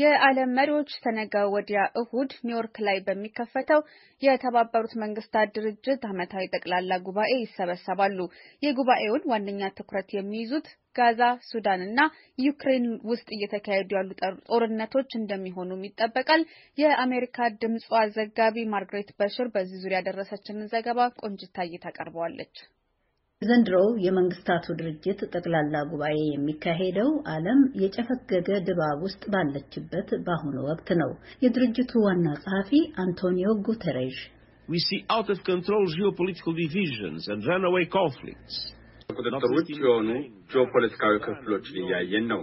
የዓለም መሪዎች ተነገ ወዲያ እሁድ ኒውዮርክ ላይ በሚከፈተው የተባበሩት መንግስታት ድርጅት ዓመታዊ ጠቅላላ ጉባኤ ይሰበሰባሉ። የጉባኤውን ዋነኛ ትኩረት የሚይዙት ጋዛ፣ ሱዳን እና ዩክሬን ውስጥ እየተካሄዱ ያሉ ጦርነቶች እንደሚሆኑም ይጠበቃል። የአሜሪካ ድምጿ ዘጋቢ ማርግሬት በሽር በዚህ ዙሪያ ያደረሰችንን ዘገባ ቆንጅታ ታቀርበዋለች። የዘንድሮው የመንግስታቱ ድርጅት ጠቅላላ ጉባኤ የሚካሄደው ዓለም የጨፈገገ ድባብ ውስጥ ባለችበት በአሁኑ ወቅት ነው። የድርጅቱ ዋና ጸሐፊ አንቶኒዮ ጉተሬዥ ቁጥጥር ውጭ የሆኑ ጂኦፖለቲካዊ ክፍሎችን እያየን ነው።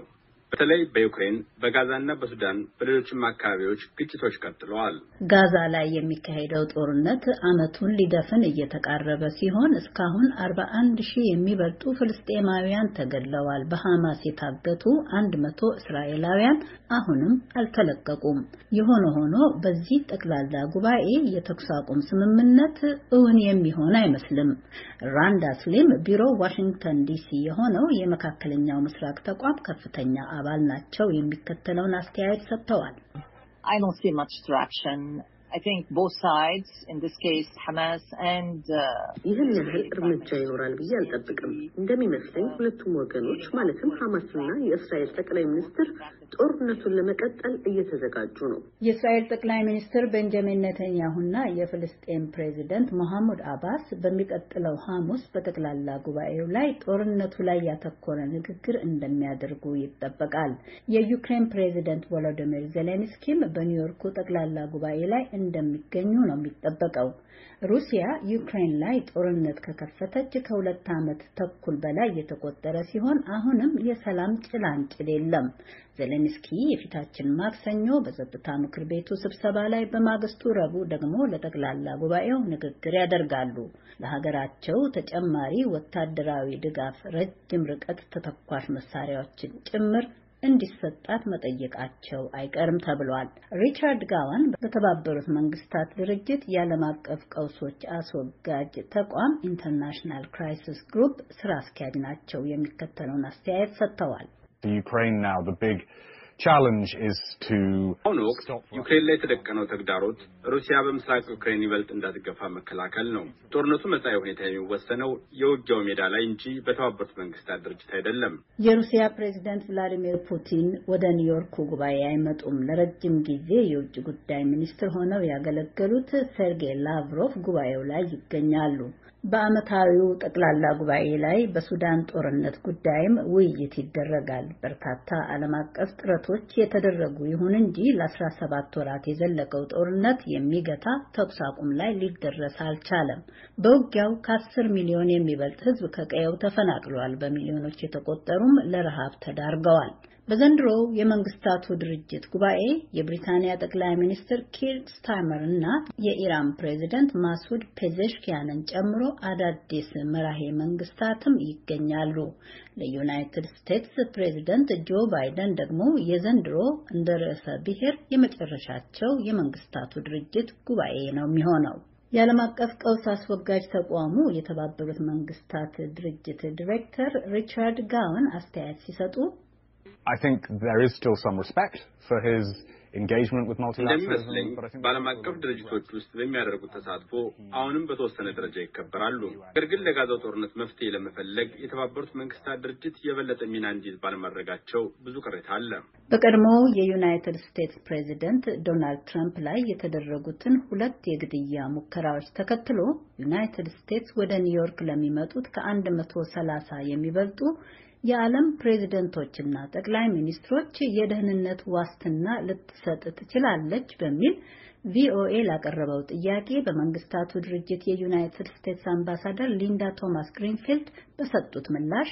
በተለይ በዩክሬን በጋዛና በሱዳን በሌሎችም አካባቢዎች ግጭቶች ቀጥለዋል። ጋዛ ላይ የሚካሄደው ጦርነት ዓመቱን ሊደፍን እየተቃረበ ሲሆን እስካሁን 41 ሺህ የሚበልጡ ፍልስጤማውያን ተገድለዋል። በሐማስ የታገቱ 100 እስራኤላውያን አሁንም አልተለቀቁም። የሆነ ሆኖ በዚህ ጠቅላላ ጉባኤ የተኩስ አቁም ስምምነት እውን የሚሆን አይመስልም። ራንዳ ስሊም ቢሮ ዋሽንግተን ዲሲ የሆነው የመካከለኛው ምስራቅ ተቋም ከፍተኛ አባል ናቸው የሚከተለውን አስተያየት ሰጥተዋል። I don't see much traction I think both sides, in this case, Hamas and uh, ይህን ያህል እርምጃ ይኖራል ብዬ አልጠብቅም። እንደሚመስለኝ ሁለቱም ወገኖች ማለትም ሐማስና የእስራኤል ጠቅላይ ሚኒስትር ጦርነቱን ለመቀጠል እየተዘጋጁ ነው። የእስራኤል ጠቅላይ ሚኒስትር ቤንጃሚን ኔተንያሁና የፍልስጤን ፕሬዚደንት ሞሐሙድ አባስ በሚቀጥለው ሐሙስ በጠቅላላ ጉባኤው ላይ ጦርነቱ ላይ ያተኮረ ንግግር እንደሚያደርጉ ይጠበቃል። የዩክሬን ፕሬዚደንት ቮሎዲሚር ዜሌንስኪም በኒውዮርኩ ጠቅላላ ጉባኤ ላይ እንደሚገኙ ነው የሚጠበቀው። ሩሲያ ዩክሬን ላይ ጦርነት ከከፈተች ከሁለት ዓመት ተኩል በላይ የተቆጠረ ሲሆን አሁንም የሰላም ጭላንጭል የለም። ዜሌንስኪ የፊታችን ማክሰኞ በጸጥታ ምክር ቤቱ ስብሰባ ላይ፣ በማግስቱ ረቡዕ ደግሞ ለጠቅላላ ጉባኤው ንግግር ያደርጋሉ። ለሀገራቸው ተጨማሪ ወታደራዊ ድጋፍ፣ ረጅም ርቀት ተተኳሽ መሳሪያዎችን ጭምር እንዲሰጣት መጠየቃቸው አይቀርም ተብሏል። ሪቻርድ ጋዋን በተባበሩት መንግስታት ድርጅት የዓለም አቀፍ ቀውሶች አስወጋጅ ተቋም ኢንተርናሽናል ክራይሲስ ግሩፕ ስራ አስኪያጅ ናቸው። የሚከተለውን አስተያየት ሰጥተዋል። አሁን ወቅት ዩክሬን ላይ የተደቀነው ተግዳሮት ሩሲያ በምስራቅ ዩክሬን ይበልጥ እንዳትገፋ መከላከል ነው። ጦርነቱ መጻኢ ሁኔታ የሚወሰነው የውጊያው ሜዳ ላይ እንጂ በተባበሩት መንግስታት ድርጅት አይደለም። የሩሲያ ፕሬዚደንት ቭላዲሚር ፑቲን ወደ ኒውዮርኩ ጉባኤ አይመጡም። ለረጅም ጊዜ የውጭ ጉዳይ ሚኒስትር ሆነው ያገለገሉት ሴርጌይ ላቭሮቭ ጉባኤው ላይ ይገኛሉ። በዓመታዊው ጠቅላላ ጉባኤ ላይ በሱዳን ጦርነት ጉዳይም ውይይት ይደረጋል። በርካታ ዓለም አቀፍ ጥረቶች የተደረጉ ይሁን እንጂ ለ17 ወራት የዘለቀው ጦርነት የሚገታ ተኩስ አቁም ላይ ሊደረስ አልቻለም። በውጊያው ከ10 ሚሊዮን የሚበልጥ ሕዝብ ከቀየው ተፈናቅሏል። በሚሊዮኖች የተቆጠሩም ለረሃብ ተዳርገዋል። በዘንድሮው የመንግስታቱ ድርጅት ጉባኤ የብሪታንያ ጠቅላይ ሚኒስትር ኪር ስታይመር እና የኢራን ፕሬዚደንት ማሱድ ፔዘሽኪያንን ጨምሮ አዳዲስ መራሄ መንግስታትም ይገኛሉ። ለዩናይትድ ስቴትስ ፕሬዚደንት ጆ ባይደን ደግሞ የዘንድሮ እንደ ርዕሰ ብሔር የመጨረሻቸው የመንግስታቱ ድርጅት ጉባኤ ነው የሚሆነው። የዓለም አቀፍ ቀውስ አስወጋጅ ተቋሙ የተባበሩት መንግስታት ድርጅት ዲሬክተር ሪቻርድ ጋውን አስተያየት ሲሰጡ እንደሚመስለኝ በዓለም አቀፍ ድርጅቶች ውስጥ በሚያደርጉት ተሳትፎ hmm. አሁንም በተወሰነ ደረጃ ይከበራሉ። ነገር ግን ለጋዛው ጦርነት መፍትሄ ለመፈለግ የተባበሩት መንግስታት ድርጅት የበለጠ ሚና እንዲይዝ ባለማድረጋቸው ብዙ ቅሬታ አለ። በቀድሞው የዩናይትድ ስቴትስ ፕሬዚደንት ዶናልድ ትራምፕ ላይ የተደረጉትን ሁለት የግድያ ሙከራዎች ተከትሎ ዩናይትድ ስቴትስ ወደ ኒውዮርክ ለሚመጡት ከ130 የሚበልጡ የዓለም ፕሬዚደንቶችና ጠቅላይ ሚኒስትሮች የደህንነት ዋስትና ልትሰጥ ትችላለች በሚል ቪኦኤ ላቀረበው ጥያቄ በመንግስታቱ ድርጅት የዩናይትድ ስቴትስ አምባሳደር ሊንዳ ቶማስ ግሪንፊልድ በሰጡት ምላሽ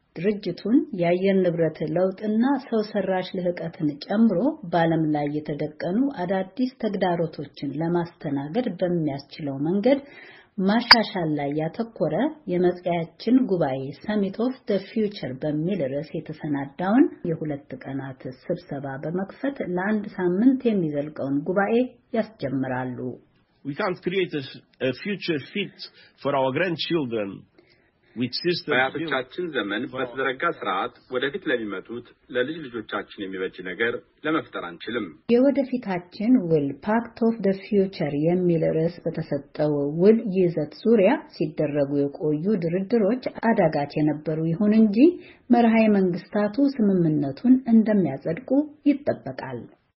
ድርጅቱን የአየር ንብረት ለውጥና ሰው ሰራሽ ልህቀትን ጨምሮ በዓለም ላይ የተደቀኑ አዳዲስ ተግዳሮቶችን ለማስተናገድ በሚያስችለው መንገድ ማሻሻል ላይ ያተኮረ የመጽያችን ጉባኤ ሰሚት ኦፍ ደ ፊውቸር በሚል ርዕስ የተሰናዳውን የሁለት ቀናት ስብሰባ በመክፈት ለአንድ ሳምንት የሚዘልቀውን ጉባኤ ያስጀምራሉ። We can't create a, a future fit for our grandchildren አያቶቻችን ዘመን በተዘረጋ ስርዓት ወደፊት ለሚመጡት ለልጅ ልጆቻችን የሚበጅ ነገር ለመፍጠር አንችልም። የወደፊታችን ውል ፓክት ኦፍ ደ ፊውቸር የሚል ርዕስ በተሰጠው ውል ይዘት ዙሪያ ሲደረጉ የቆዩ ድርድሮች አዳጋች የነበሩ ይሁን እንጂ መርሃ መንግስታቱ ስምምነቱን እንደሚያጸድቁ ይጠበቃል።